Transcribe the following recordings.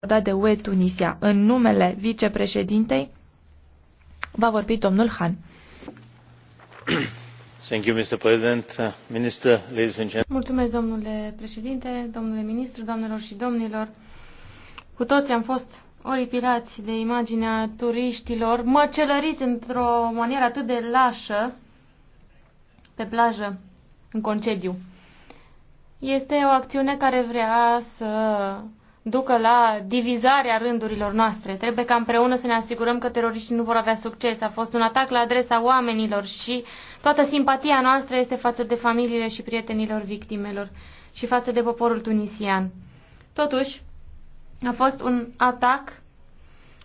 acordat de UE Tunisia. În numele vicepreședintei va vorbi domnul Han. Thank you, Mr. President. Uh, Minister, ladies and gentlemen. Mulțumesc, domnule președinte, domnule ministru, doamnelor și domnilor. Cu toți am fost oripilați de imaginea turiștilor, măcelăriți într-o manieră atât de lașă pe plajă, în concediu. Este o acțiune care vrea să ducă la divizarea rândurilor noastre. Trebuie ca împreună să ne asigurăm că teroriștii nu vor avea succes. A fost un atac la adresa oamenilor și toată simpatia noastră este față de familiile și prietenilor victimelor și față de poporul tunisian. Totuși, a fost un atac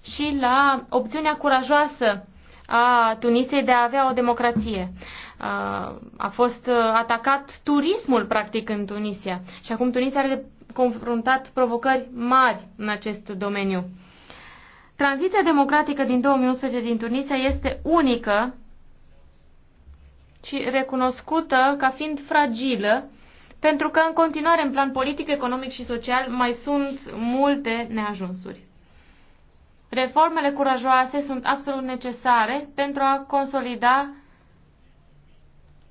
și la opțiunea curajoasă a Tunisiei de a avea o democrație. A fost atacat turismul, practic, în Tunisia. Și acum Tunisia are confruntat provocări mari în acest domeniu. Tranziția democratică din 2011 din Tunisia este unică și recunoscută ca fiind fragilă, pentru că în continuare în plan politic, economic și social mai sunt multe neajunsuri. Reformele curajoase sunt absolut necesare pentru a consolida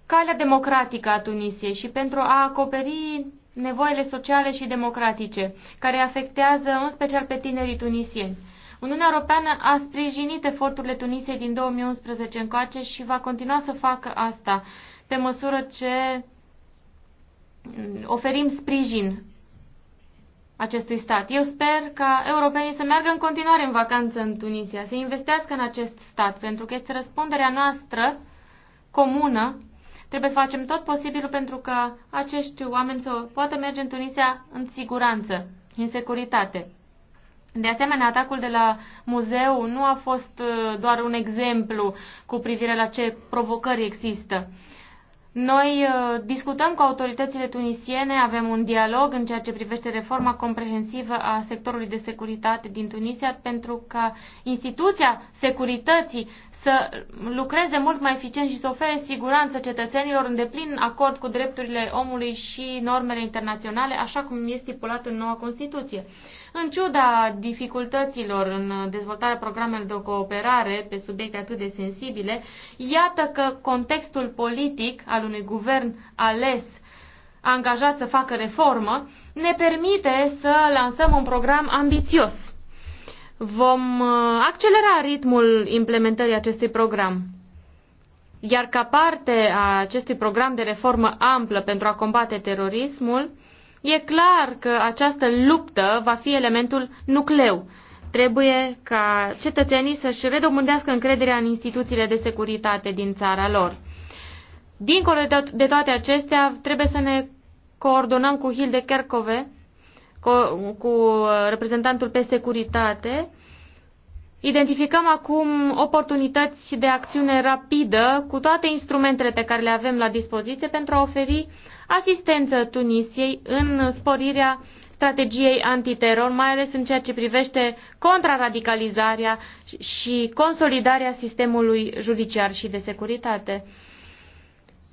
calea democratică a Tunisiei și pentru a acoperi nevoile sociale și democratice, care afectează în special pe tinerii tunisieni. Uniunea Europeană a sprijinit eforturile Tunisiei din 2011 încoace și va continua să facă asta pe măsură ce oferim sprijin acestui stat. Eu sper ca europenii să meargă în continuare în vacanță în Tunisia, să investească în acest stat, pentru că este răspunderea noastră comună Trebuie să facem tot posibilul pentru ca acești oameni să poată merge în Tunisia în siguranță, în securitate. De asemenea, atacul de la muzeu nu a fost uh, doar un exemplu cu privire la ce provocări există. Noi uh, discutăm cu autoritățile tunisiene, avem un dialog în ceea ce privește reforma comprehensivă a sectorului de securitate din Tunisia pentru ca instituția securității să lucreze mult mai eficient și să ofere siguranță cetățenilor în deplin acord cu drepturile omului și normele internaționale, așa cum este stipulat în noua Constituție. În ciuda dificultăților în dezvoltarea programelor de cooperare pe subiecte atât de sensibile, iată că contextul politic al unui guvern ales angajat să facă reformă ne permite să lansăm un program ambițios vom uh, accelera ritmul implementării acestui program. Iar ca parte a acestui program de reformă amplă pentru a combate terorismul, e clar că această luptă va fi elementul nucleu. Trebuie ca cetățenii să-și redobândească încrederea în instituțiile de securitate din țara lor. Dincolo de toate acestea, trebuie să ne coordonăm cu Hilde Kerkove, cu, uh, reprezentantul pe securitate, identificăm acum oportunități de acțiune rapidă cu toate instrumentele pe care le avem la dispoziție pentru a oferi asistență Tunisiei în sporirea strategiei antiteror, mai ales în ceea ce privește contraradicalizarea și consolidarea sistemului judiciar și de securitate.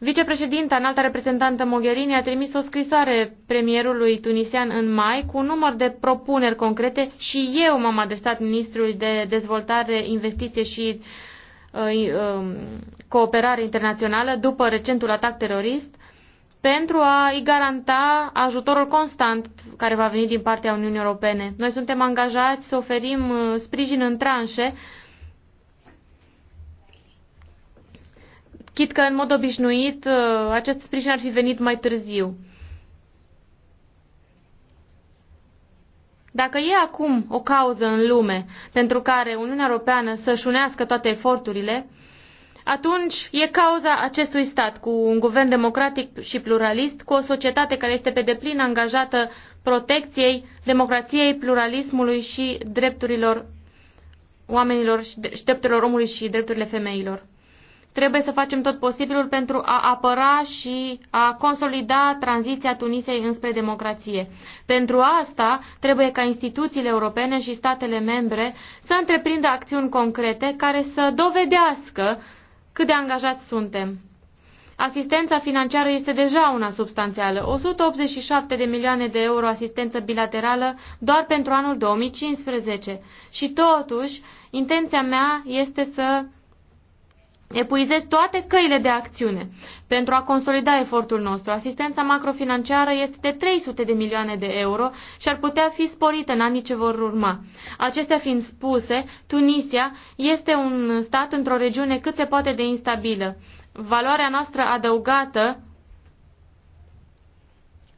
Vicepreședinta, înalta reprezentantă Mogherini, a trimis o scrisoare premierului tunisian în mai cu un număr de propuneri concrete și eu m-am adresat ministrului de dezvoltare, investiție și uh, uh, cooperare internațională după recentul atac terorist pentru a-i garanta ajutorul constant care va veni din partea Uniunii Europene. Noi suntem angajați să oferim uh, sprijin în tranșe Chit că, în mod obișnuit, uh, acest sprijin ar fi venit mai târziu. Dacă e acum o cauză în lume pentru care Uniunea Europeană să-și unească toate eforturile, atunci e cauza acestui stat cu un guvern democratic și pluralist, cu o societate care este pe deplin angajată protecției democrației, pluralismului și drepturilor oamenilor și drepturilor omului și drepturile femeilor. Trebuie să facem tot posibilul pentru a apăra și a consolida tranziția Tunisei înspre democrație. Pentru asta trebuie ca instituțiile europene și statele membre să întreprindă acțiuni concrete care să dovedească cât de angajați suntem. Asistența financiară este deja una substanțială, 187 de milioane de euro asistență bilaterală doar pentru anul 2015. Și totuși, intenția mea este să epuizez toate căile de acțiune pentru a consolida efortul nostru. Asistența macrofinanciară este de 300 de milioane de euro și ar putea fi sporită în anii ce vor urma. Acestea fiind spuse, Tunisia este un stat într-o regiune cât se poate de instabilă. Valoarea noastră adăugată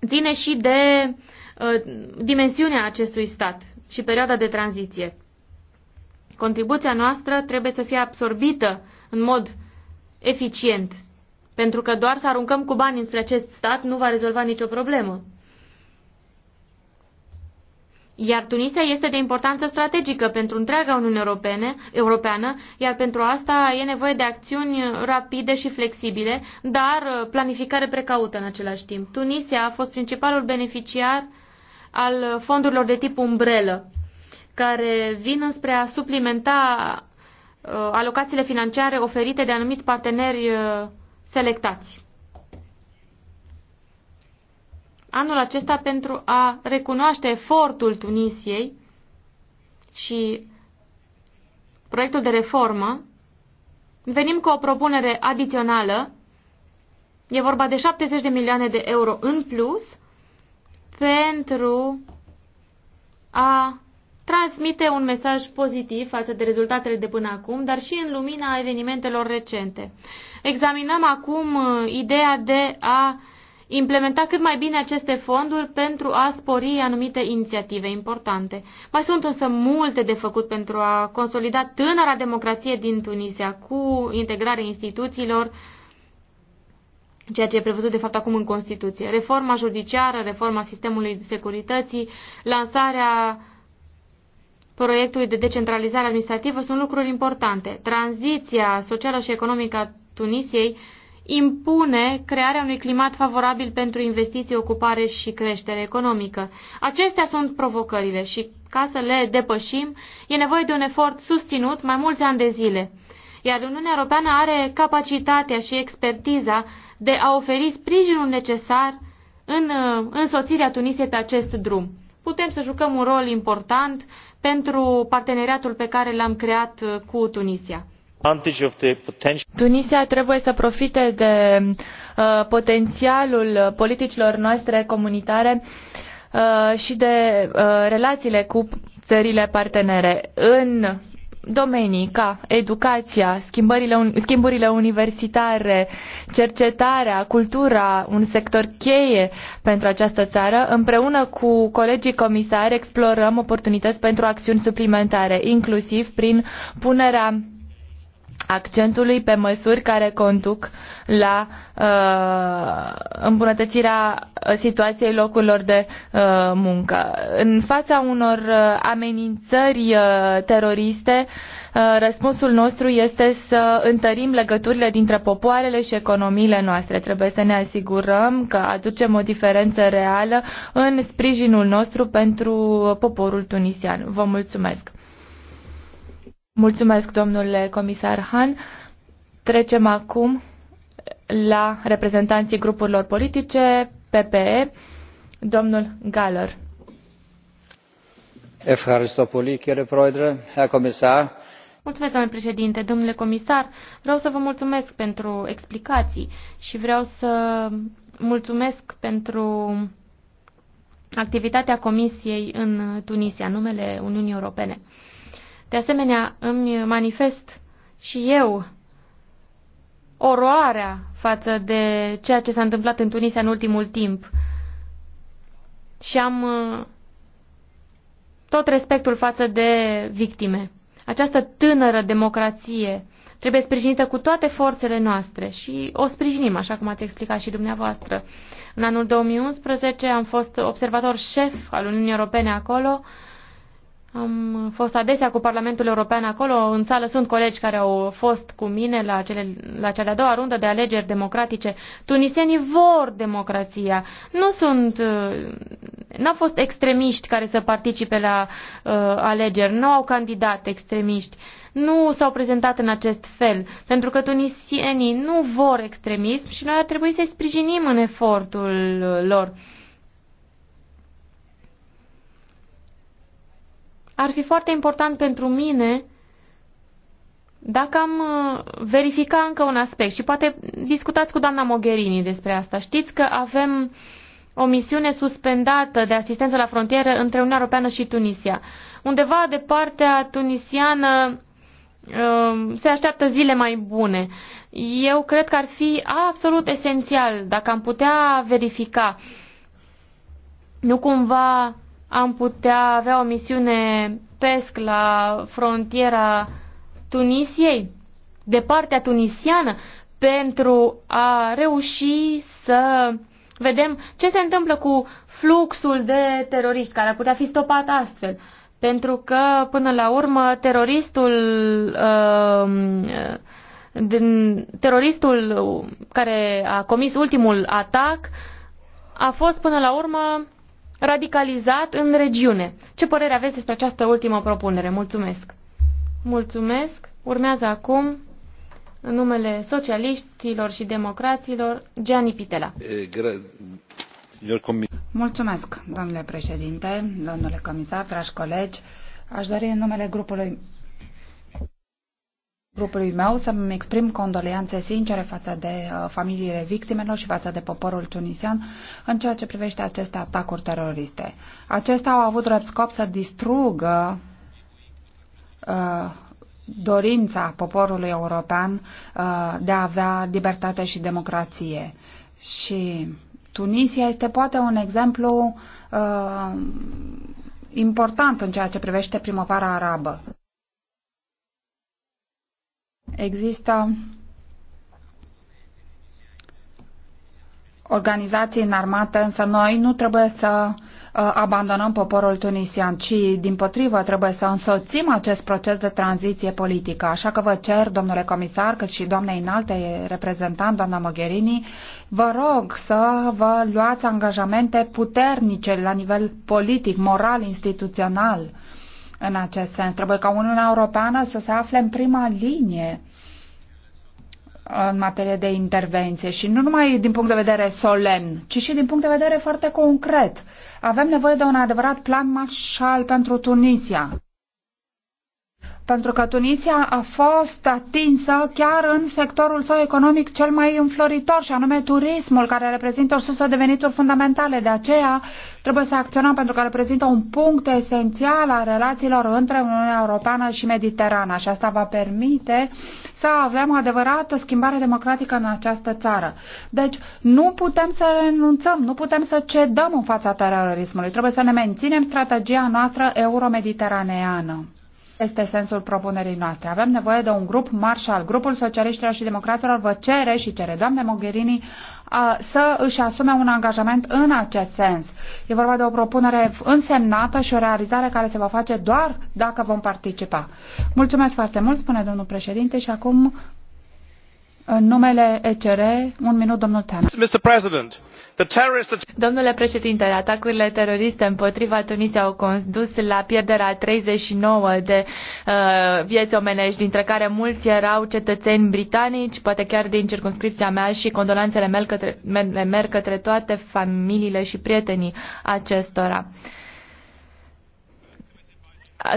ține și de uh, dimensiunea acestui stat și perioada de tranziție. Contribuția noastră trebuie să fie absorbită uh, în mod eficient. Pentru că doar să aruncăm cu bani înspre acest stat nu va rezolva nicio problemă. Iar Tunisia este de importanță strategică pentru întreaga Uniune Europene, Europeană, iar pentru asta e nevoie de acțiuni rapide și flexibile, dar planificare precaută în același timp. Tunisia a fost principalul beneficiar al fondurilor de tip umbrelă, care vin înspre a suplimenta Uh, alocațiile financiare oferite de anumiți parteneri uh, selectați. Anul acesta pentru a recunoaște efortul Tunisiei și proiectul de reformă, venim cu o propunere adițională. E vorba de 70 de milioane de euro în plus pentru a transmite un mesaj pozitiv față de rezultatele de până acum, dar și în lumina evenimentelor recente. Examinăm acum uh, ideea de a implementa cât mai bine aceste fonduri pentru a spori anumite inițiative importante. Mai sunt însă multe de făcut pentru a consolida tânăra democrație din Tunisia cu integrarea instituțiilor, ceea ce e prevăzut de fapt acum în Constituție. Reforma judiciară, reforma sistemului securității, lansarea uh, proiectului de decentralizare administrativă sunt lucruri importante. Tranziția socială și economică a Tunisiei impune crearea unui climat favorabil pentru investiții, ocupare și creștere economică. Acestea sunt provocările și ca să le depășim e nevoie de un efort susținut mai mulți ani de zile. Iar Uniunea Europeană are capacitatea și expertiza de a oferi sprijinul necesar în uh, însoțirea Tunisiei pe acest drum. Putem să jucăm un rol important pentru parteneriatul pe care l-am creat uh, cu Tunisia. Tunisia trebuie să profite de uh, potențialul politicilor noastre comunitare uh, și de uh, relațiile cu țările partenere. În domenii ca educația, schimbările, schimburile universitare, cercetarea, cultura, un sector cheie pentru această țară, împreună cu colegii comisari explorăm oportunități pentru acțiuni suplimentare, inclusiv prin punerea accentului pe măsuri care conduc la uh, îmbunătățirea situației locurilor de uh, muncă. În fața unor uh, amenințări uh, teroriste, uh, răspunsul nostru este să întărim legăturile dintre popoarele și economiile noastre. Trebuie să ne asigurăm că aducem o diferență reală în sprijinul nostru pentru poporul tunisian. Vă mulțumesc! Mulțumesc, domnule comisar Han. Trecem acum la reprezentanții grupurilor politice, PPE, domnul Galler. Mulțumesc, domnule președinte, domnule comisar. Vreau să vă mulțumesc pentru explicații și vreau să mulțumesc pentru activitatea Comisiei în Tunisia, numele Uniunii Europene. De asemenea, îmi manifest și eu oroarea față de ceea ce s-a întâmplat în Tunisia în ultimul timp. Și am uh, tot respectul față de victime. Această tânără democrație trebuie sprijinită cu toate forțele noastre și o sprijinim, așa cum ați explicat și dumneavoastră. În anul 2011 am fost observator șef al Uniunii Europene acolo am fost adesea cu Parlamentul European acolo. În sală sunt colegi care au fost cu mine la, cele, la cea de-a doua rundă de alegeri democratice. Tunisenii vor democrația. Nu sunt. Uh, n-au fost extremiști care să participe la uh, alegeri. Nu au candidat extremiști. Nu s-au prezentat în acest fel. Pentru că tunisienii nu vor extremism și noi ar trebui să-i sprijinim în efortul uh, lor. Uh, ar fi foarte important pentru mine dacă am uh, verifica încă un aspect și poate discutați cu doamna Mogherini despre asta. Știți că avem o misiune suspendată de asistență la frontieră între Uniunea Europeană și Tunisia. Undeva de partea tunisiană uh, se așteaptă zile mai bune. Eu cred că ar fi absolut esențial dacă am putea verifica nu cumva am putea avea o misiune PESC la frontiera Tunisiei, de partea tunisiană, pentru a reuși să vedem ce se întâmplă cu fluxul de teroriști care ar putea fi stopat astfel. Pentru că, până la urmă, teroristul, um, teroristul care a comis ultimul atac a fost, până la urmă, radicalizat în regiune. Ce părere aveți despre această ultimă propunere? Mulțumesc! Mulțumesc! Urmează acum, în numele socialiștilor și democraților, Gianni Pitela. Mulțumesc, domnule președinte, domnule comisar, dragi colegi. Aș dori în numele grupului grupului meu să-mi exprim condoleanțe sincere față de uh, familiile victimelor și față de poporul tunisian în ceea ce privește aceste atacuri teroriste. Acestea au avut drept scop să distrugă uh, dorința poporului european uh, de a avea libertate și democrație. Și Tunisia este poate un exemplu uh, important în ceea ce privește primăvara arabă. Există organizații înarmate, însă noi nu trebuie să uh, abandonăm poporul tunisian, ci din potrivă trebuie să însoțim acest proces de tranziție politică. Așa că vă cer, domnule comisar, cât și doamnei înalte reprezentant, doamna Mogherini, vă rog să vă luați angajamente puternice la nivel politic, moral, instituțional în acest sens. Trebuie ca Uniunea Europeană să se afle în prima linie în materie de intervenție și nu numai din punct de vedere solemn, ci și din punct de vedere foarte concret. Avem nevoie de un adevărat plan Marshall pentru Tunisia pentru că Tunisia a fost atinsă chiar în sectorul său economic cel mai înfloritor, și anume turismul, care reprezintă o sursă de venituri fundamentale. De aceea trebuie să acționăm pentru că reprezintă un punct esențial a relațiilor între Uniunea Europeană și Mediterana și asta va permite să avem o adevărată schimbare democratică în această țară. Deci nu putem să renunțăm, nu putem să cedăm în fața terorismului. Trebuie să ne menținem strategia noastră euromediteraneană este sensul propunerii noastre. Avem nevoie de un grup marșal. Grupul Socialiștilor și Democraților vă cere și cere, doamne Mogherini, să își asume un angajament în acest sens. E vorba de o propunere însemnată și o realizare care se va face doar dacă vom participa. Mulțumesc foarte mult, spune domnul președinte, și acum în numele ECR, un minut, domnul Teana. Mr. President, Domnule președinte, atacurile teroriste împotriva Tunisiei au condus la pierderea 39 de uh, vieți omenești, dintre care mulți erau cetățeni britanici, poate chiar din circunscripția mea și condolanțele mele către, merg către toate familiile și prietenii acestora.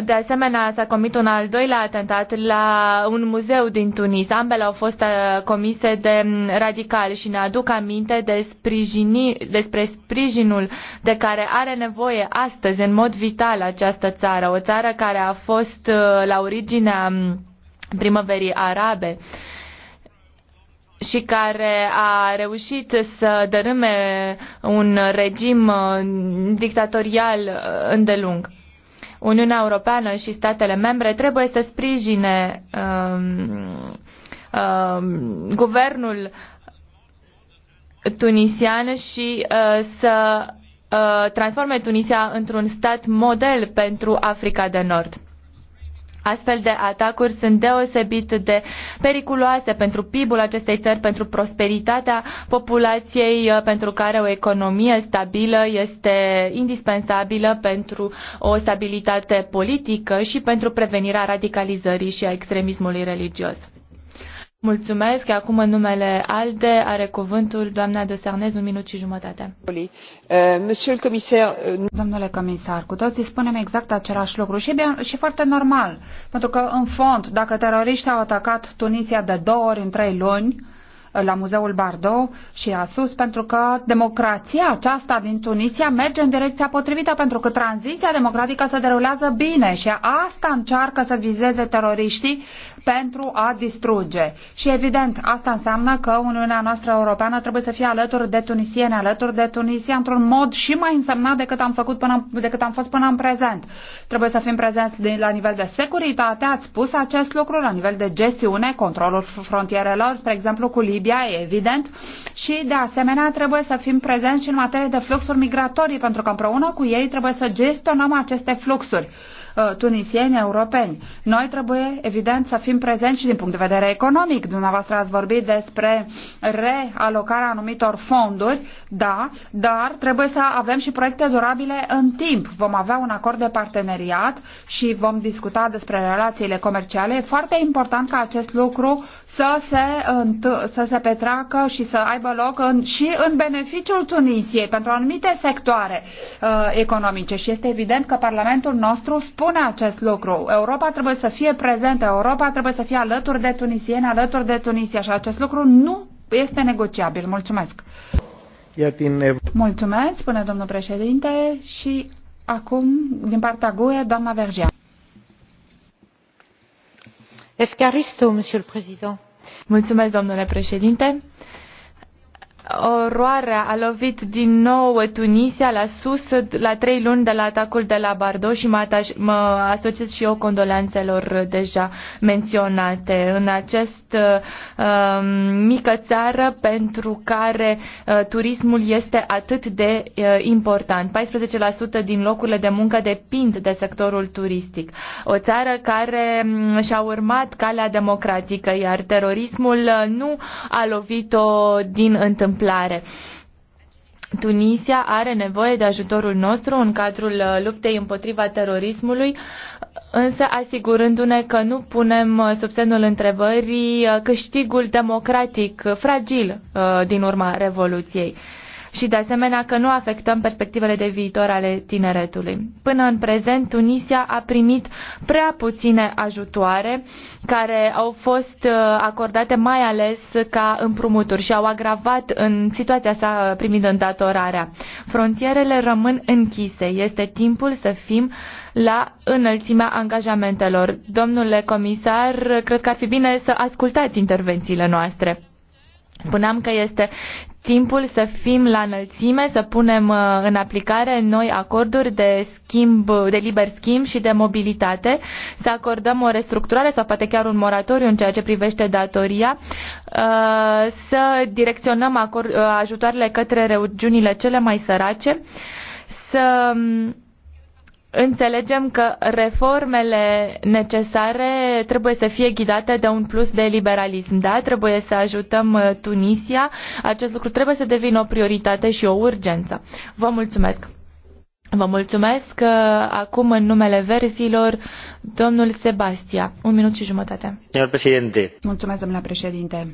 De asemenea, s-a comit un al doilea atentat la un muzeu din Tunis. Ambele au fost uh, comise de mm, radicali și ne aduc aminte de sprijini, despre sprijinul de care are nevoie astăzi, în mod vital, această țară. O țară care a fost uh, la originea mm, primăverii arabe și care a reușit să dărâme un regim uh, dictatorial îndelung. Uniunea Europeană și statele membre trebuie să sprijine um, um, guvernul tunisian și uh, să uh, transforme Tunisia într-un stat model pentru Africa de Nord. Astfel de atacuri sunt deosebit de periculoase pentru PIB-ul acestei țări, pentru prosperitatea populației, uh, pentru care o economie stabilă este indispensabilă pentru o stabilitate politică și pentru prevenirea radicalizării și a extremismului religios. Mulțumesc. Acum în numele ALDE are cuvântul doamna de Sarnez, un minut și jumătate. Euh, Domnule comisar, cu toții spunem exact același lucru și, bine, și foarte normal, pentru că în fond, dacă teroriștii au atacat Tunisia de două ori în trei luni, la Muzeul Bardo și sus, pentru că democrația aceasta din Tunisia merge în direcția potrivită, pentru că tranziția democratică se derulează bine și asta încearcă să vizeze teroriștii pentru a distruge. Și evident, asta înseamnă că Uniunea noastră europeană trebuie să fie alături de tunisieni, alături de Tunisia într-un mod și mai însemnat decât am, făcut până, decât am fost până în prezent. Trebuie să fim prezenți de, la nivel de securitate, ați spus acest lucru, la nivel de gestiune, controlul frontierelor, spre exemplu cu Libia, e evident, și de asemenea trebuie să fim prezenți și în materie de fluxuri migratorii, pentru că împreună cu ei trebuie să gestionăm aceste fluxuri. Uh, tunisieni europeni. Noi trebuie, evident, să fim prezenți și din punct de vedere economic. Dumneavoastră ați vorbit despre realocarea anumitor fonduri, da, dar trebuie să avem și proiecte durabile în timp. Vom avea un acord de parteneriat și vom discuta despre relațiile comerciale. E foarte important ca acest lucru să se, să se petreacă și să aibă loc în, și în beneficiul Tunisiei pentru anumite sectoare uh, economice. Și este evident că Parlamentul nostru spune spune acest lucru. Europa trebuie să fie prezentă, Europa trebuie să fie alături de tunisieni, alături de Tunisia și acest lucru nu este negociabil. Mulțumesc! Mulțumesc, spune domnul președinte, și acum, din partea GUE, doamna Vergea. Mulțumesc, domnule președinte Oroarea a lovit din nou Tunisia la sus la trei luni de la atacul de la Bardo și mă, ataș- mă asociez și eu condolențelor deja menționate în acest uh, mică țară pentru care uh, turismul este atât de uh, important. 14% din locurile de muncă depind de sectorul turistic. O țară care mm, și-a urmat calea democratică, iar terorismul uh, nu a lovit-o din întâmplare întâmplare. Tunisia are nevoie de ajutorul nostru în cadrul uh, luptei împotriva terorismului, însă asigurându-ne că nu punem uh, sub semnul întrebării uh, câștigul democratic fragil din urma Revoluției și de asemenea că nu afectăm perspectivele de viitor ale tineretului. Până în prezent, Tunisia a primit prea puține ajutoare care au fost uh, acordate mai ales ca împrumuturi și au agravat în situația sa primind îndatorarea. Frontierele rămân închise. Este timpul să fim la înălțimea angajamentelor. Domnule comisar, cred că ar fi bine să ascultați intervențiile noastre. Spuneam că este timpul să fim la înălțime, să punem uh, în aplicare noi acorduri de schimb, de liber schimb și de mobilitate, să acordăm o restructurare sau poate chiar un moratoriu în ceea ce privește datoria, uh, să direcționăm uh, ajutoarele către regiunile cele mai sărace, să um, înțelegem că reformele necesare trebuie să fie ghidate de un plus de liberalism. Da, trebuie să ajutăm uh, Tunisia. Acest lucru trebuie să devină o prioritate și o urgență. Vă mulțumesc! Vă mulțumesc că uh, acum în numele verzilor domnul Sebastia. Un minut și jumătate. Mulțumesc, domnule președinte.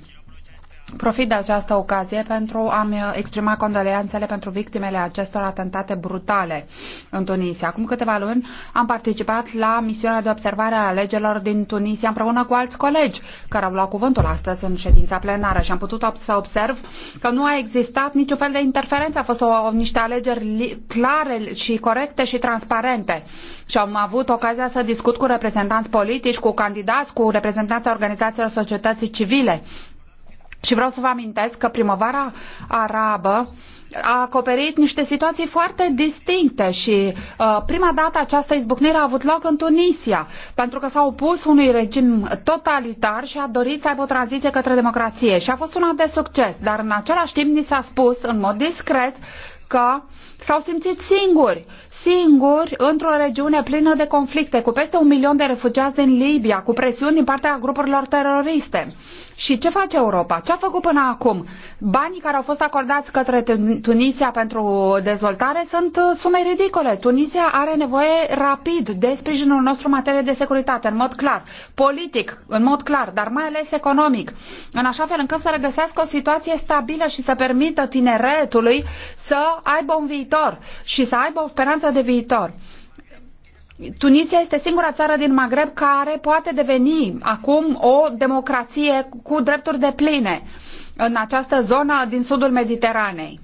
Profit de această ocazie pentru a-mi exprima condoleanțele pentru victimele acestor atentate brutale în Tunisia. Acum câteva luni am participat la misiunea de observare a alegerilor din Tunisia împreună cu alți colegi care au luat cuvântul astăzi în ședința plenară și am putut să observ că nu a existat niciun fel de interferență. A fost o, o, niște alegeri clare și corecte și transparente. Și am avut ocazia să discut cu reprezentanți politici, cu candidați, cu reprezentanți organizațiilor societății civile și vreau să vă amintesc că primăvara arabă a acoperit niște situații foarte distincte și uh, prima dată această izbucnire a avut loc în Tunisia, pentru că s-a opus unui regim totalitar și a dorit să aibă o tranziție către democrație și a fost una de succes, dar în același timp ni s-a spus în mod discret că s-au simțit singuri, singuri într-o regiune plină de conflicte, cu peste un milion de refugiați din Libia, cu presiuni din partea grupurilor teroriste. Și ce face Europa? Ce a făcut până acum? Banii care au fost acordați către Tunisia pentru dezvoltare sunt uh, sume ridicole. Tunisia are nevoie rapid de sprijinul nostru în materie de securitate, în mod clar, politic, în mod clar, dar mai ales economic, în așa fel încât să regăsească o situație stabilă și să permită tineretului să aibă un viitor și să aibă o speranță de viitor. Tunisia este singura țară din Maghreb care poate deveni acum o democrație cu drepturi de pline în această zonă din sudul Mediteranei.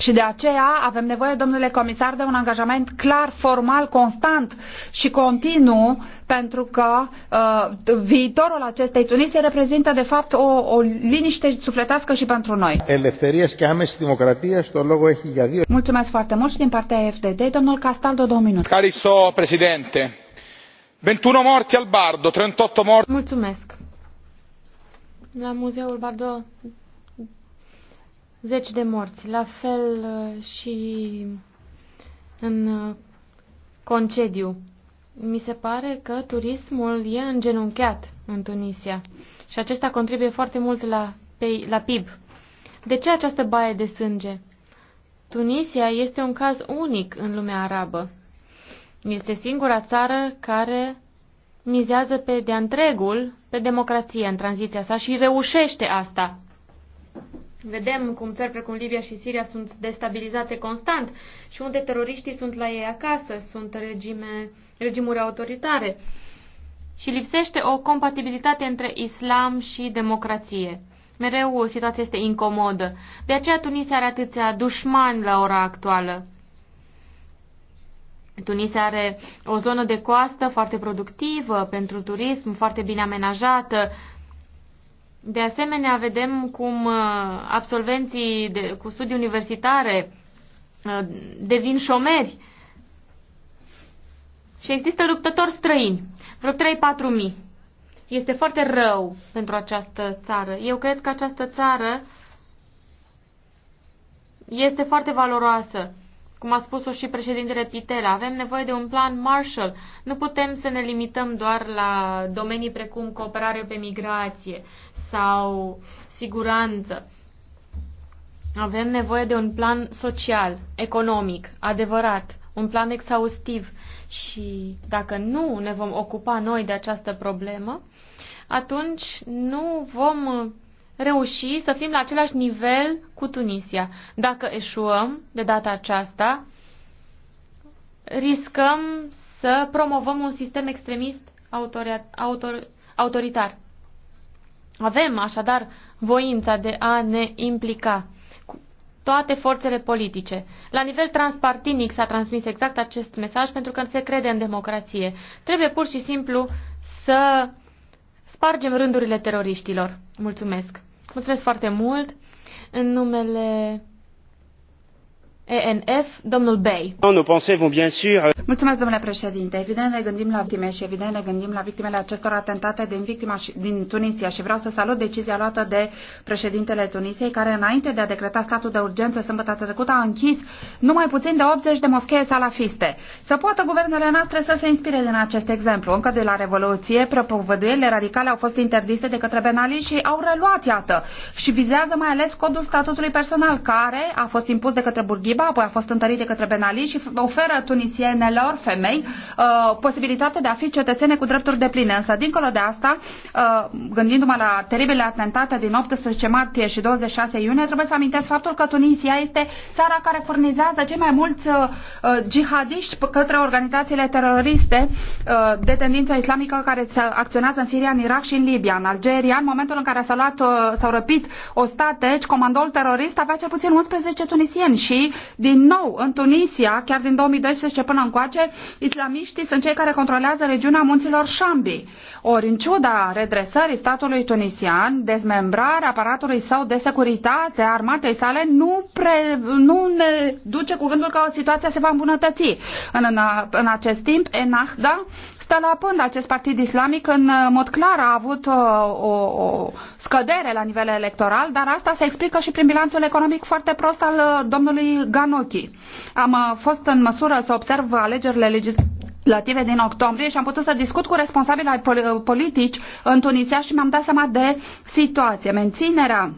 Și de aceea avem nevoie, domnule comisar, de un angajament clar, formal, constant și continuu, pentru că uh, viitorul acestei Tunisie reprezintă, de fapt, o, o liniște sufletească și pentru noi. Mulțumesc foarte mult și din partea FDD, domnul Castaldo, două minute. Caristo, președinte, 21 morți al bardo, 38 morți. Mulțumesc. La muzeul Bardo zeci de morți. La fel uh, și în uh, concediu. Mi se pare că turismul e îngenunchiat în Tunisia și acesta contribuie foarte mult la, la PIB. De ce această baie de sânge? Tunisia este un caz unic în lumea arabă. Este singura țară care mizează pe de întregul pe democrație în tranziția sa și reușește asta Vedem cum țări precum Libia și Siria sunt destabilizate constant și unde teroriștii sunt la ei acasă, sunt regime, regimuri autoritare. Și lipsește o compatibilitate între islam și democrație. Mereu situația este incomodă. De aceea Tunisia are atâția dușmani la ora actuală. Tunisia are o zonă de coastă foarte productivă pentru turism, foarte bine amenajată, de asemenea, vedem cum uh, absolvenții de, cu studii universitare uh, devin șomeri și există luptători străini, vreo 3-4 mii. Este foarte rău pentru această țară. Eu cred că această țară este foarte valoroasă. Cum a spus-o și președintele Pitela, avem nevoie de un plan Marshall. Nu putem să ne limităm doar la domenii precum cooperare pe migrație sau siguranță. Avem nevoie de un plan social, economic, adevărat, un plan exhaustiv și dacă nu ne vom ocupa noi de această problemă, atunci nu vom reuși să fim la același nivel cu Tunisia. Dacă eșuăm de data aceasta, riscăm să promovăm un sistem extremist autoritar. Avem așadar voința de a ne implica cu toate forțele politice. La nivel transpartinic s-a transmis exact acest mesaj pentru că se crede în democrație. Trebuie pur și simplu să spargem rândurile teroriștilor. Mulțumesc! Mulțumesc foarte mult! În numele ENF, domnul Bay. Euh, Mulțumesc, domnule președinte. Evident ne gândim la victime și evident ne gândim la victimele acestor atentate din, victima și, din Tunisia și vreau să salut decizia luată de președintele Tunisiei, care înainte de a decreta statul de urgență sâmbătă trecută a închis numai puțin de 80 de moschee salafiste. Să poată guvernele noastre să se inspire din acest exemplu. Încă de la Revoluție, propovăduielile radicale au fost interdise de către Benali și au reluat, iată, și vizează mai ales codul statutului personal, care a fost impus de către Burghiba Seba, apoi a fost întărit de către Ben Ali și oferă tunisienelor femei uh, posibilitatea de a fi cetățene cu drepturi de pline. Însă, dincolo de asta, uh, gândindu-mă la teribile atentate din 18 martie și 26 iunie, trebuie să amintesc faptul că Tunisia este țara care furnizează cei mai mulți uh, uh jihadiști către organizațiile teroriste uh, de tendință islamică care acționează în Siria, în Irak și în Libia. În Algeria, în momentul în care s-au, uh, răpit o răpit ostateci, comandol terorist avea cel puțin 11 tunisieni și din nou în Tunisia, chiar din 2012 până încoace, islamiștii sunt cei care controlează regiunea munților Shambi. Ori, în ciuda redresării statului tunisian, dezmembrarea aparatului său de securitate armatei sale nu, pre, nu ne duce cu gândul că situația se va îmbunătăți. În, în, în acest timp, Enahda la Acest partid islamic în uh, mod clar a avut uh, o, o scădere la nivel electoral, dar asta se explică și prin bilanțul economic foarte prost al uh, domnului Ganochi. Am fost în măsură să observ alegerile legislative legislative din octombrie și am putut să discut cu responsabili ai politici în Tunisia și mi-am dat seama de situație. Menținerea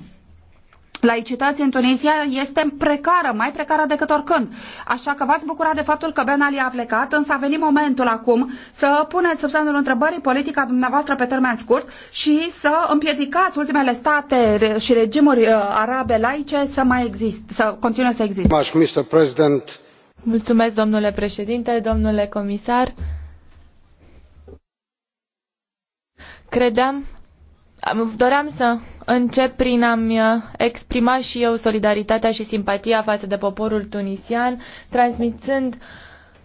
laicității în Tunisia este precară, mai precară decât oricând. Așa că v-ați bucurat de faptul că Ben Ali a plecat, însă a venit momentul acum să puneți sub semnul întrebării politica dumneavoastră pe termen scurt și să împiedicați ultimele state și regimuri uh, arabe laice să mai exist, să continue să existe. Mulțumesc, domnule președinte, domnule comisar. Credeam Doream să încep prin a-mi uh, exprima și eu solidaritatea și simpatia față de poporul tunisian, transmițând uh,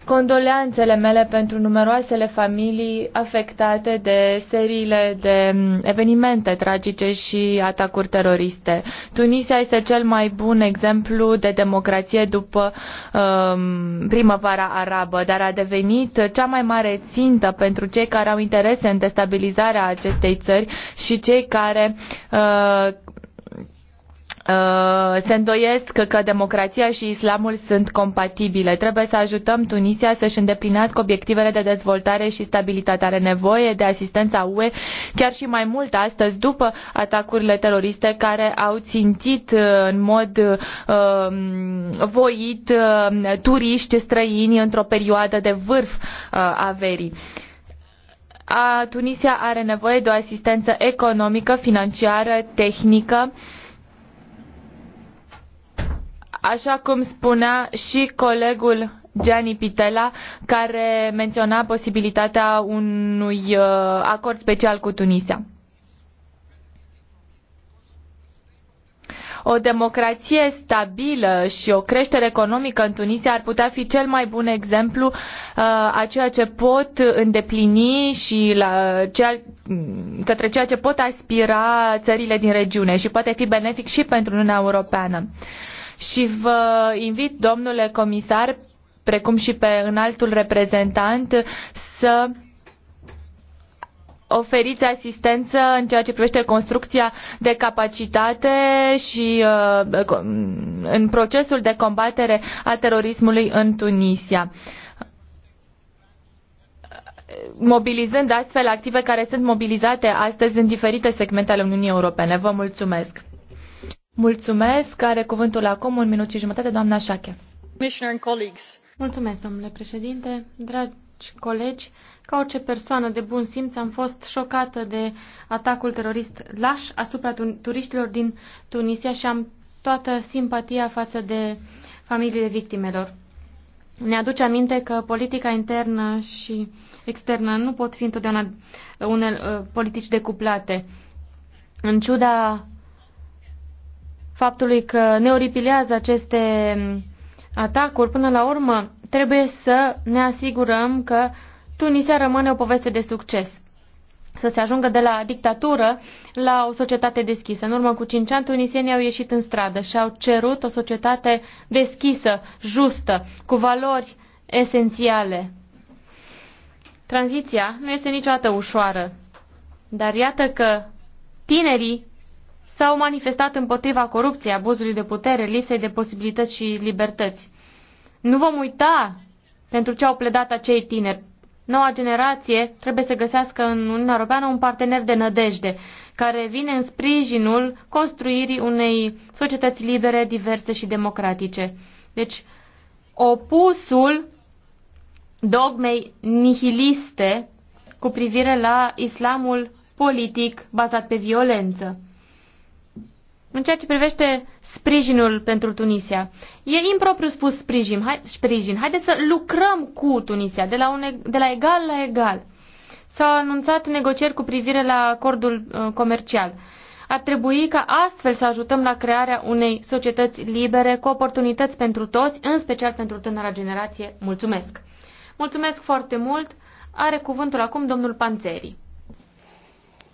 condoleanțele mele pentru numeroasele familii afectate de seriile de mm, evenimente tragice și atacuri teroriste. Tunisia este cel mai bun exemplu de democrație după um, primăvara arabă, dar a devenit cea mai mare țintă pentru cei care au interese în destabilizarea acestei țări și cei care uh, Uh, se îndoiesc că democrația și islamul sunt compatibile. Trebuie să ajutăm Tunisia să-și îndeplinească obiectivele de dezvoltare și stabilitate. Are nevoie de asistența UE chiar și mai mult astăzi după atacurile teroriste care au țintit uh, în mod uh, voit uh, turiști străini într-o perioadă de vârf uh, a verii. A, Tunisia are nevoie de o asistență economică, financiară, tehnică uh, așa cum spunea și colegul Gianni Pitela, care menționa posibilitatea unui uh, acord special cu Tunisia. o democrație stabilă și o creștere economică în Tunisia ar putea fi cel mai bun exemplu uh, a ceea ce pot îndeplini și la ceea, către ceea ce pot aspira țările din regiune și poate fi benefic și pentru Uniunea Europeană. Uh, și vă invit, domnule comisar, precum și pe înaltul reprezentant, să oferiți asistență în ceea ce privește construcția de capacitate și uh, în procesul de combatere a terorismului în Tunisia mobilizând astfel active care sunt mobilizate astăzi în diferite segmente ale Uniunii Europene. Vă mulțumesc! Mulțumesc. Are cuvântul acum un minut și jumătate, doamna Șache. Mulțumesc, domnule președinte. Dragi colegi, ca orice persoană de bun simț, am fost șocată de atacul terorist laș asupra turiștilor din Tunisia și am toată simpatia față de familiile victimelor. Ne aduce aminte că politica internă și externă nu pot fi întotdeauna unele uh, politici decuplate. În ciuda faptului că ne oripilează aceste atacuri, până la urmă trebuie să ne asigurăm că Tunisia rămâne o poveste de succes. Să se ajungă de la dictatură la o societate deschisă. În urmă cu cinci ani, tunisienii au ieșit în stradă și au cerut o societate deschisă, justă, cu valori esențiale. Tranziția nu este niciodată ușoară, dar iată că tinerii s-au manifestat împotriva corupției, abuzului de putere, lipsei de posibilități și libertăți. Nu vom uita pentru ce au pledat acei tineri. Noua generație trebuie să găsească în Uniunea Europeană un partener de nădejde, care vine în sprijinul construirii unei societăți libere, diverse și democratice. Deci, opusul dogmei nihiliste cu privire la islamul politic bazat pe violență. În ceea ce privește sprijinul pentru Tunisia, e impropriu spus sprijin. Hai, sprijin. Haideți să lucrăm cu Tunisia, de la, un, de la egal la egal. S-au anunțat negocieri cu privire la acordul uh, comercial. Ar trebui ca astfel să ajutăm la crearea unei societăți libere cu oportunități pentru toți, în special pentru tânăra generație. Mulțumesc! Mulțumesc foarte mult! Are cuvântul acum domnul Panțeri.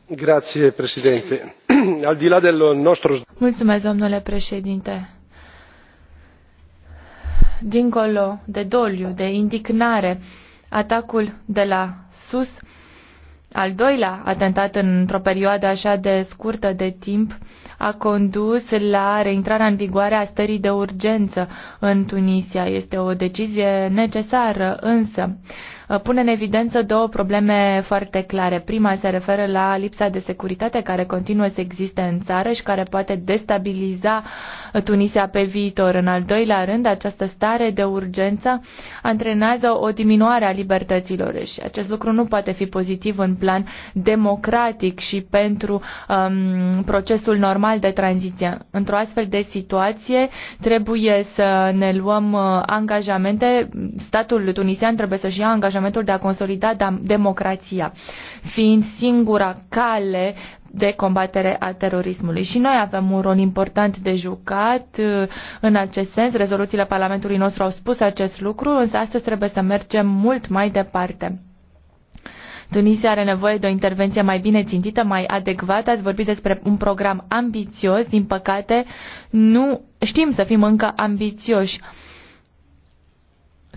Grazie, președinte al Mulțumesc, domnule președinte. Dincolo de doliu, de indignare, atacul de la sus, al doilea atentat într-o perioadă așa de scurtă de timp, a condus la reintrarea în vigoare a stării de urgență în Tunisia. Este o decizie necesară, însă Uh, pune în evidență două probleme foarte clare. Prima se referă la lipsa de securitate care continuă să existe în țară și care poate destabiliza Tunisia pe viitor. În al doilea rând, această stare de urgență antrenează o diminuare a libertăților și acest lucru nu poate fi pozitiv în plan democratic și pentru um, procesul normal de tranziție. Într-o astfel de situație trebuie să ne luăm uh, angajamente, statul tunisian trebuie să-și ia angajamente angajamentul de a consolida democrația, fiind singura cale de combatere a terorismului. Și noi avem un rol important de jucat uh, în acest sens. Rezoluțiile Parlamentului nostru au spus acest lucru, însă astăzi trebuie să mergem mult mai departe. Tunisia are nevoie de o intervenție mai bine țintită, mai adecvată. Ați vorbit despre un program ambițios. Din păcate, nu știm să fim încă ambițioși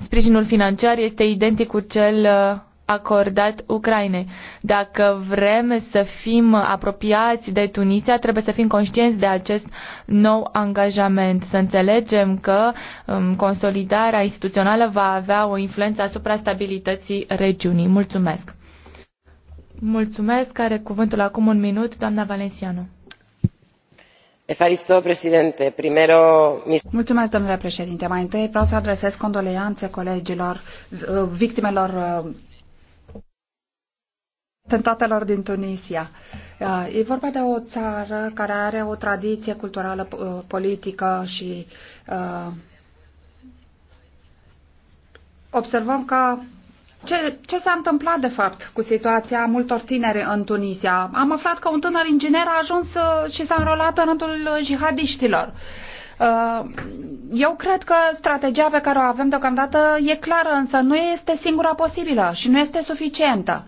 sprijinul financiar este identic cu cel uh, acordat Ucrainei. Dacă vrem să fim apropiați de Tunisia, trebuie să fim conștienți de acest nou angajament, să înțelegem că um, consolidarea instituțională va avea o influență asupra stabilității regiunii. Mulțumesc! Mulțumesc, are cuvântul acum un minut, doamna Valenciano domnule președinte mai întâi vreau să adresez condoleanțe colegilor victimelor uh, atentatelor din Tunisia. Uh, e vorba de o țară care are o tradiție culturală, uh, politică și observăm că ce, ce s-a întâmplat, de fapt, cu situația multor tineri în Tunisia? Am aflat că un tânăr inginer a ajuns uh, și s-a înrolat în rândul uh, jihadiștilor. Uh, eu cred că strategia pe care o avem deocamdată e clară, însă nu este singura posibilă și nu este suficientă.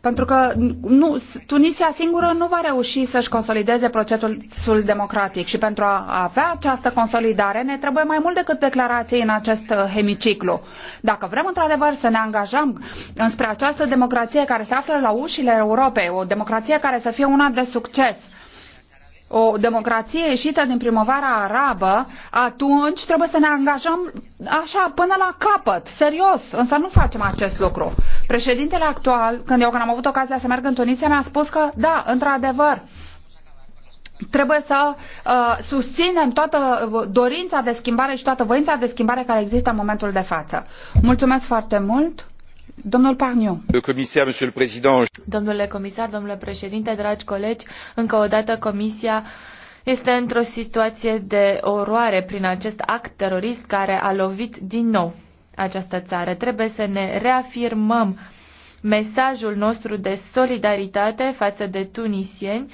Pentru că nu, Tunisia singură nu va reuși să-și consolideze procesul democratic și pentru a avea această consolidare ne trebuie mai mult decât declarații în acest uh, hemiciclu. Dacă vrem într-adevăr să ne angajăm înspre această democrație care se află la ușile Europei, o democrație care să fie una de succes, o democrație ieșită din primăvara arabă, atunci trebuie să ne angajăm așa până la capăt, serios, însă nu facem acest lucru. Președintele actual, când eu când am avut ocazia să merg în Tunisia, mi-a spus că, da, într-adevăr, trebuie să uh, susținem toată uh, dorința de schimbare și toată voința de schimbare care există în momentul de față. Mulțumesc foarte mult! Domnul Parniu. Domnule comisar, domnule președinte, dragi colegi, încă o dată Comisia este într-o situație de oroare prin acest act terorist care a lovit din nou această țară. Trebuie să ne reafirmăm mesajul nostru de solidaritate față de tunisieni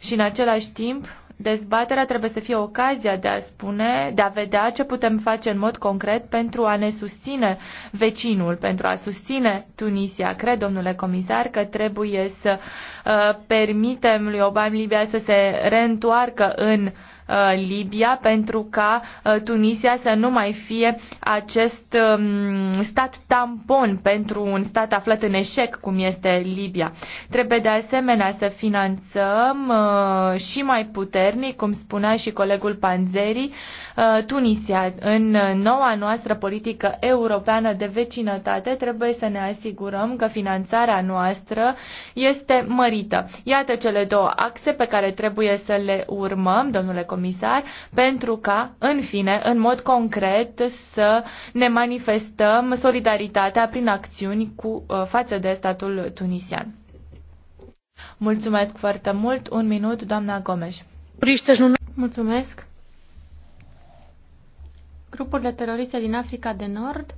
și în același timp dezbaterea trebuie să fie ocazia de a spune, de a vedea ce putem face în mod concret pentru a ne susține vecinul, pentru a susține Tunisia. Cred, domnule comisar, că trebuie să uh, permitem lui Obama Libia să se reîntoarcă în Uh, Libia pentru ca uh, Tunisia să nu mai fie acest um, stat tampon pentru un stat aflat în eșec cum este Libia. Trebuie de asemenea să finanțăm uh, și mai puternic, cum spunea și colegul Panzeri, Uh, Tunisia. În uh, noua noastră politică europeană de vecinătate trebuie să ne asigurăm că finanțarea noastră este mărită. Iată cele două axe pe care trebuie să le urmăm, domnule comisar, pentru ca, în fine, în mod concret să ne manifestăm solidaritatea prin acțiuni cu, uh, față de statul tunisian. Mulțumesc foarte mult. Un minut, doamna Gomes. Mulțumesc grupurile teroriste din Africa de Nord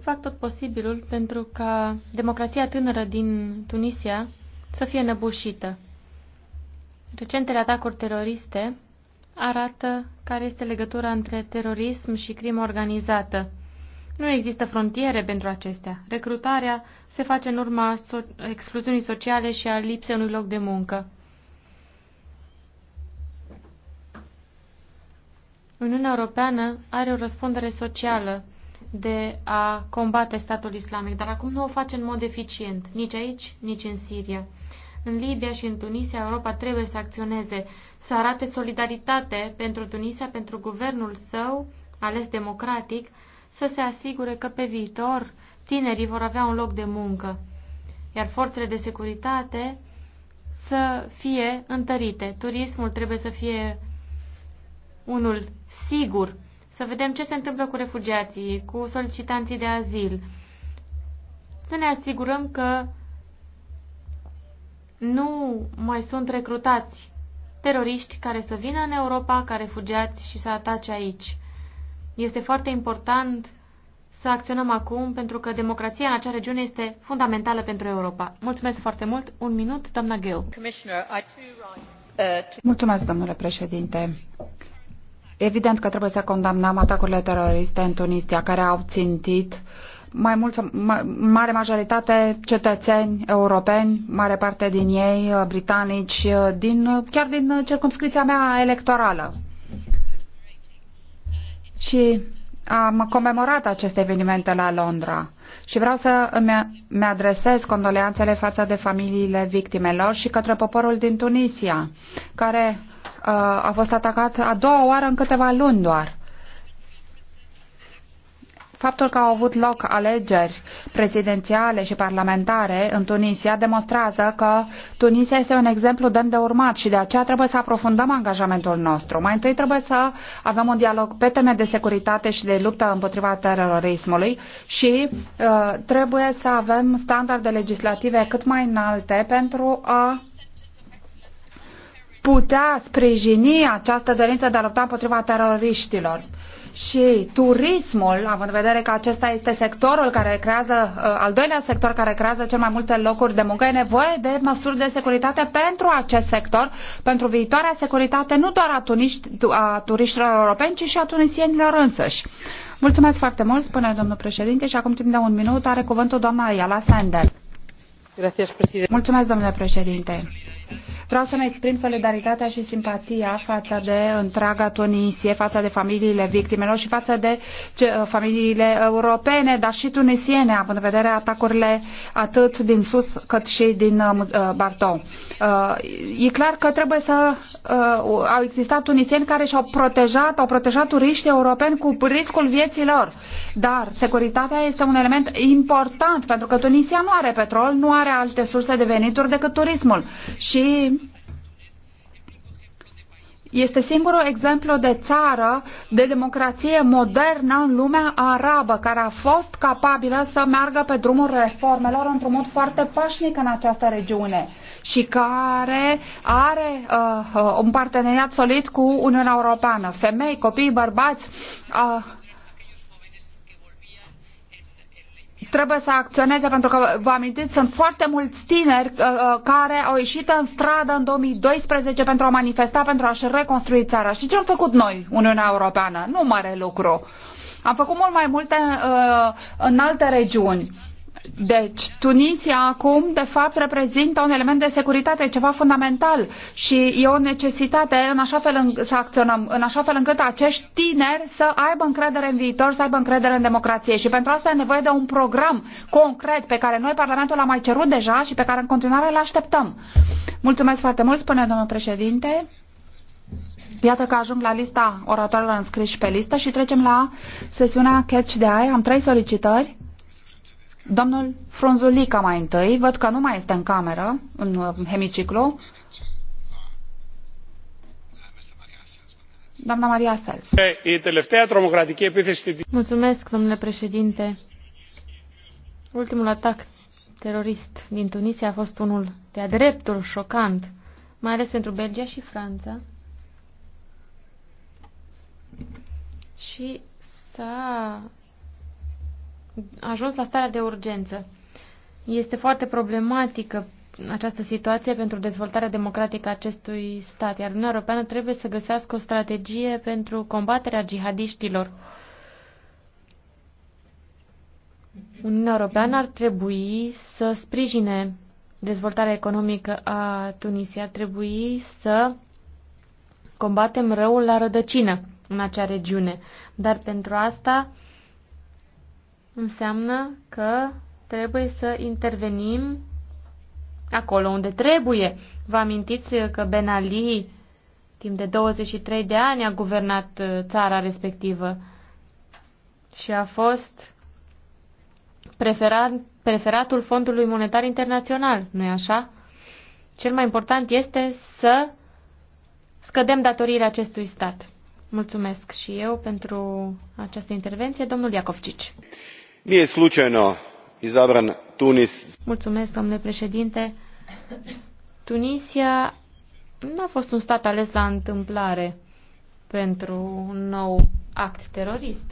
fac tot posibilul pentru ca democrația tânără din Tunisia să fie năbușită. Recentele atacuri teroriste arată care este legătura între terorism și crimă organizată. Nu există frontiere pentru acestea. Recrutarea se face în urma so excluziunii sociale și a lipsei unui loc de muncă. Uniunea Europeană are o răspundere socială de a combate statul islamic, dar acum nu o face în mod eficient, nici aici, nici în Siria. În Libia și în Tunisia, Europa trebuie să acționeze, să arate solidaritate pentru Tunisia, pentru guvernul său, ales democratic, să se asigure că pe viitor tinerii vor avea un loc de muncă, iar forțele de securitate să fie întărite. Turismul trebuie să fie unul sigur, să vedem ce se întâmplă cu refugiații, cu solicitanții de azil, să ne asigurăm că nu mai sunt recrutați teroriști care să vină în Europa ca refugiați și să atace aici. Este foarte important să acționăm acum, pentru că democrația în acea regiune este fundamentală pentru Europa. Mulțumesc foarte mult. Un minut, doamna Gheu. Mulțumesc, domnule președinte. Evident că trebuie să condamnăm atacurile teroriste în Tunisia, care au țintit mai mulți, mai, mare majoritate cetățeni europeni, mare parte din ei uh, britanici, uh, din, uh, chiar din circumscripția mea electorală. Și am comemorat aceste evenimente la Londra și vreau să îmi, îmi adresez condoleanțele față de familiile victimelor și către poporul din Tunisia, care Uh, a fost atacat a doua oară în câteva luni doar. Faptul că au avut loc alegeri prezidențiale și parlamentare în Tunisia demonstrează că Tunisia este un exemplu demn de urmat și de aceea trebuie să aprofundăm angajamentul nostru. Mai întâi trebuie să avem un dialog pe teme de securitate și de luptă împotriva terorismului și uh, trebuie să avem standarde legislative cât mai înalte pentru a putea sprijini această dorință de a lupta împotriva teroriștilor. Și turismul, având în vedere că acesta este sectorul care creează, uh, al doilea sector care creează cel mai multe locuri de muncă, e nevoie de măsuri de securitate pentru acest sector, pentru viitoarea securitate nu doar a, tuniști, a turiștilor europeni, ci și a tunisienilor însăși. Mulțumesc foarte mult, spune domnul președinte, și acum timp de un minut are cuvântul doamna Iala Sandel. Mulțumesc, domnule președinte Vreau să-mi exprim solidaritatea și simpatia față de întreaga Tunisie, față de familiile victimelor și față de uh, familiile europene, dar și tunisiene, având în vedere atacurile atât din sus cât și din uh, uh, Bartou. E clar că trebuie să au existat tunisieni care și-au protejat, au protejat turiștii europeni cu riscul vieții lor. Dar securitatea este un element important pentru că Tunisia nu are petrol, nu are alte surse de venituri decât turismul. Și și este singurul exemplu de țară de democrație modernă în lumea arabă care a fost capabilă să meargă pe drumul reformelor într-un mod foarte pașnic în această regiune și care are uh, uh un parteneriat solid cu Uniunea Europeană. Femei, copii, bărbați uh, trebuie să acționeze, pentru că, vă amintiți, sunt foarte mulți tineri uh, uh care au ieșit în stradă în 2012 pentru a manifesta, pentru a-și reconstrui țara. Și ce am făcut noi, Uniunea Europeană? Nu mare lucru. Am făcut mult mai multe uh, în alte regiuni. Deci, Tunisia acum, de fapt, reprezintă un element de securitate, ceva fundamental și e o necesitate în așa fel în, să acționăm, în așa fel încât acești tineri să aibă încredere în viitor, să aibă încredere în democrație și pentru asta e nevoie de un program concret pe care noi, Parlamentul, l-am mai cerut deja și pe care în continuare îl așteptăm. Mulțumesc foarte mult, spune domnul președinte. Iată că ajung la lista oratorilor înscriși pe listă și trecem la sesiunea Catch de Eye. Am trei solicitări. Domnul Fronzulica mai întâi, văd că nu mai este în cameră, în uh, hemiciclu. Doamna Maria Sels. Mulțumesc, domnule președinte. Ultimul atac terorist din Tunisia a fost unul de-a dreptul șocant, mai ales pentru Belgia și Franța. Și s-a ajuns la starea de urgență. Este foarte problematică această situație pentru dezvoltarea democratică a acestui stat, iar Uniunea Europeană trebuie să găsească o strategie pentru combaterea jihadiștilor. Uniunea Europeană ar trebui să sprijine dezvoltarea economică a Tunisiei, ar trebui să combatem răul la rădăcină în acea regiune. Dar pentru asta înseamnă că trebuie să intervenim acolo unde trebuie. Vă amintiți că Ben Ali timp de 23 de ani a guvernat uh, țara respectivă și a fost preferat, preferatul Fondului Monetar Internațional, nu e așa? Cel mai important este să scădem datoriile acestui stat. Mulțumesc și eu pentru această intervenție, domnul Iacovcici nije slučajno izabran tunis. domnule președinte tunisia nu a fost un stat ales la întâmplare pentru un nou act terorist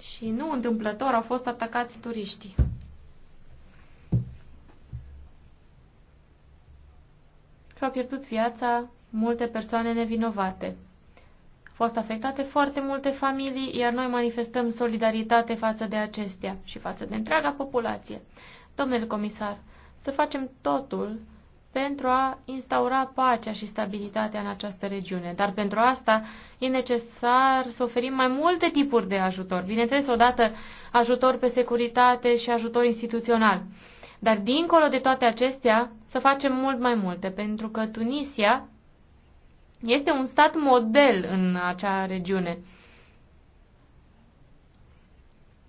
și nu întâmplător au fost atacați turiștii. Și au pierdut viața multe persoane nevinovate fost afectate foarte multe familii, iar noi manifestăm solidaritate față de acestea și față de întreaga populație. Domnule comisar, să facem totul pentru a instaura pacea și stabilitatea în această regiune. Dar pentru asta e necesar să oferim mai multe tipuri de ajutor. Bineînțeles, odată ajutor pe securitate și ajutor instituțional. Dar dincolo de toate acestea, să facem mult mai multe, pentru că Tunisia este un stat model în acea regiune.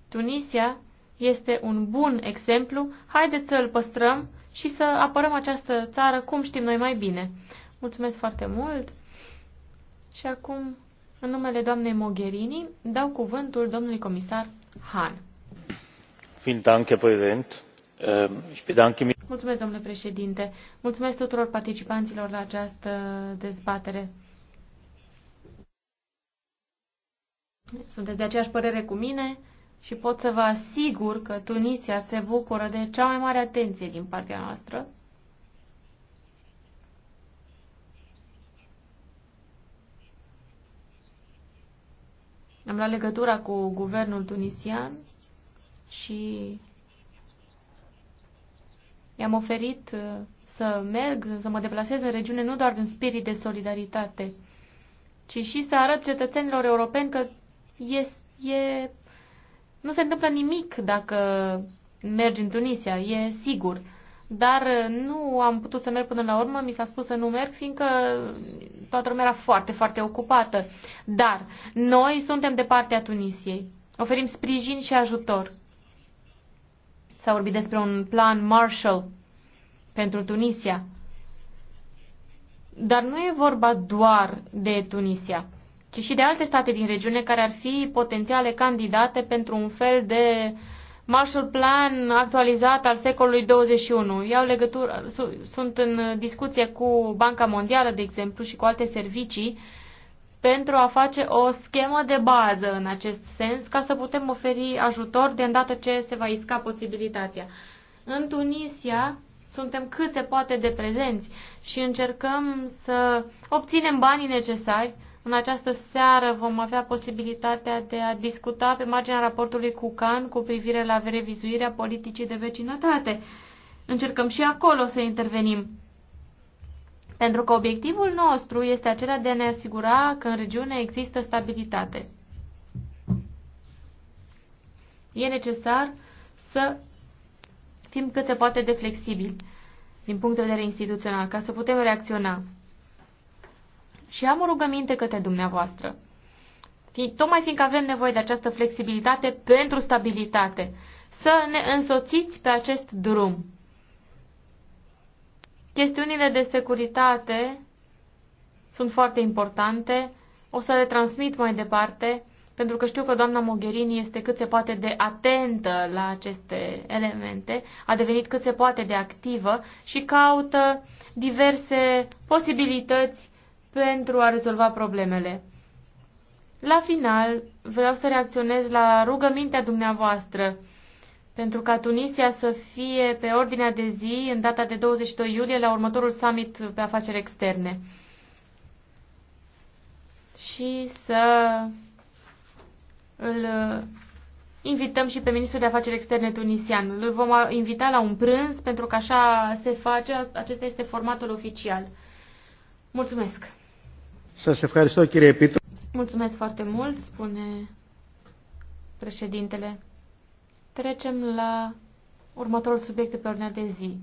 Tunisia este un bun exemplu, haideți să îl păstrăm și să apărăm această țară cum știm noi mai bine. Mulțumesc foarte mult! Și acum, în numele doamnei Mogherini, dau cuvântul domnului comisar Han. Vielen Dank, Herr Präsident. Ehm, Mulțumesc, domnule președinte. Mulțumesc tuturor participanților la această dezbatere. Sunteți de aceeași părere cu mine și pot să vă asigur că Tunisia se bucură de cea mai mare atenție din partea noastră. Am luat legătura cu guvernul tunisian și I-am oferit uh, să merg, să mă deplasez în regiune nu doar în spirit de solidaritate, ci și să arăt cetățenilor europeni că e, e, nu se întâmplă nimic dacă mergi în Tunisia, e sigur. Dar uh, nu am putut să merg până la urmă, mi s-a spus să nu merg, fiindcă toată lumea era foarte, foarte ocupată. Dar noi suntem de partea Tunisiei. Oferim sprijin și ajutor. S-a vorbit despre un plan Marshall pentru Tunisia. Dar nu e vorba doar de Tunisia, ci și de alte state din regiune care ar fi potențiale candidate pentru un fel de Marshall Plan actualizat al secolului 21. Iau legătură, sunt în discuție cu Banca Mondială, de exemplu, și cu alte servicii pentru a face o schemă de bază în acest sens, ca să putem oferi ajutor de îndată ce se va isca posibilitatea. În Tunisia suntem cât se poate de prezenți și încercăm să obținem banii necesari. În această seară vom avea posibilitatea de a discuta pe marginea raportului cu CAN cu privire la revizuirea politicii de vecinătate. Încercăm și acolo să intervenim. Pentru că obiectivul nostru este acela de a ne asigura că în regiune există stabilitate. E necesar să fim cât se poate de flexibili din punct de vedere instituțional, ca să putem reacționa. Și am o rugăminte către dumneavoastră. Tocmai fiindcă avem nevoie de această flexibilitate pentru stabilitate, să ne însoțiți pe acest drum Chestiunile de securitate sunt foarte importante. O să le transmit mai departe, pentru că știu că doamna Mogherini este cât se poate de atentă la aceste elemente, a devenit cât se poate de activă și caută diverse posibilități pentru a rezolva problemele. La final, vreau să reacționez la rugămintea dumneavoastră pentru ca Tunisia să fie pe ordinea de zi în data de 22 iulie la următorul summit pe afaceri externe și să îl uh, invităm și pe ministrul de afaceri externe tunisian. Îl vom uh, invita la un prânz pentru că așa se face, acesta este formatul oficial. Mulțumesc! Mulțumesc foarte mult, spune președintele. Trecem la următorul subiect pe ordinea de zi.